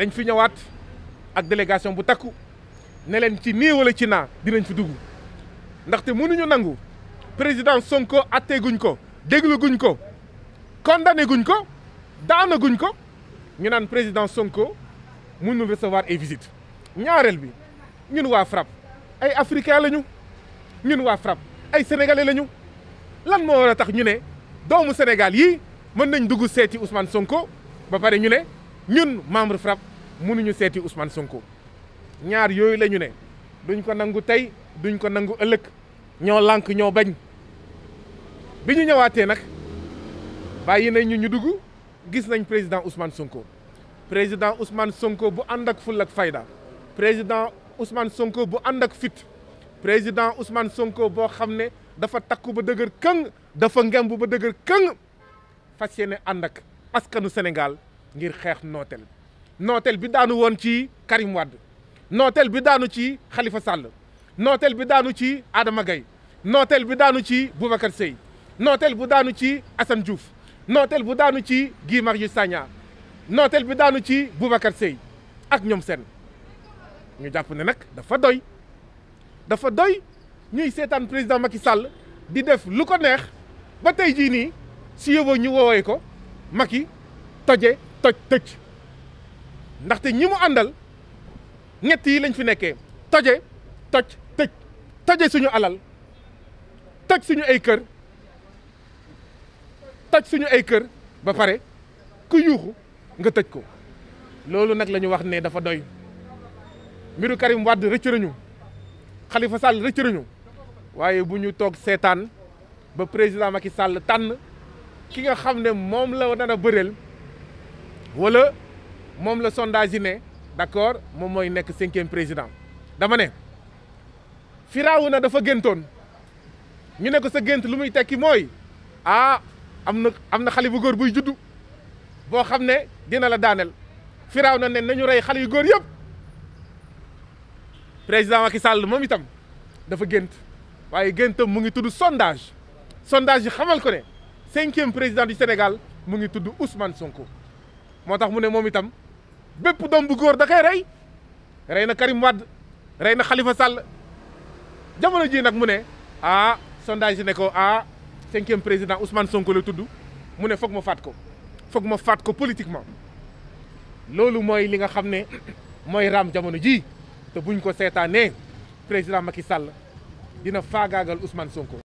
dañ fi ñëwaat ak délégation bu takku ne leen ci nii wala ci naa dinañ fi dugg ndaxte mun mënuñu nangu président Sonko atteeguñ ko déglu guñ ko condamné guñ ko daana guñ ko ñu naan président Sonko mun mënul recevoir ay visite ñaareel bi ñun waa FRAPP ay africain lañu ñun waa FRAPP ay sénégalais lañu lan moo war a tax ñu ne doomu Sénégal yii mën nañ dugg seeti Ousmane Sonko ba pare ñu ne ñun membre FRAPP mënuñu seeti Ousmane Sonko ñaar yooyu la ñu ne duñ ko nangu tey duñ ko nangu ëllëg ñoo lànk ñoo bañ bi ñu ñëwaatee nag bàyyi nañ ñu ñu dugg gis nañ président Ousmane Sonko président Ousmane Sonko bu ànd ak ful ak fayda. président Ousmane Sonko bu ànd ak fit président Ousmane Sonko boo xam ne dafa takku ba dëgër këng dafa ngemb ba dëgër këng fas yéene ànd ak askanu Sénégal ngir xeex nootel nootel bi daanu woon ci Karim Wade nootel bi daanu ci Khalifa Sall nootel bi daanu ci Adama Gaye nootel bi daanu ci Boubacar Seye nootel bu daanu ci Assane Diouf nootel bu daanu ci Guy Marius Sagna nootel bi daanu ci Boubacar Seye ak ñoom seen ñu jàpp ne nag dafa doy dafa doy ñuy seetaan président Macky sàll di def lu ko neex ba tey jii nii si yóbboo ñu woowee ko Macky toje toj tëj ndaxte ñi mu àndal ñett yi lañ fi nekkee toje toj tëj toje suñu alal toj suñu ay kër toj suñu ay kër ba pare ku yuuxu nga tëj ko loolu nag la ñu wax ne dafa doy mbiru Karim Wade rëcc nañu Khalifa Sall rëcc nañu waaye bu ñu toog seetaan ba président Macky Sall tànn ki nga xam ne moom la dana bëreel wala moom la sondage yi ne d'accord moom mooy nekk cinquième président dama ne firaawu na dafa géntoon ñu nekk ko sa gént lu muy tekki mooy ah am na am na xale bu góor buy juddu boo xam ne dina la daaneel firaaw na ne nañu rey xale yu góor yëpp président Macky Sall moom itam dafa gént waaye géntam mu ngi tudd sondage sondage yi xamal ko ne cinquième président du Sénégal mu ngi tudd Ousmane Sonko moo tax mu ne moom itam bépp doom bu góor da rey rey na Karim Wade rey na Khalifa Sall jamono ji nag mu ne ah sondage yi ne ko ah cinquième président Ousmane Sonko la tudd mu ne foog ma faat ko foog ma faat ko politiquement loolu mooy li nga xam ne mooy raam jamono ji te buñ ko seetaanee président Macky Sall dina faagaagal Ousmane Sonko.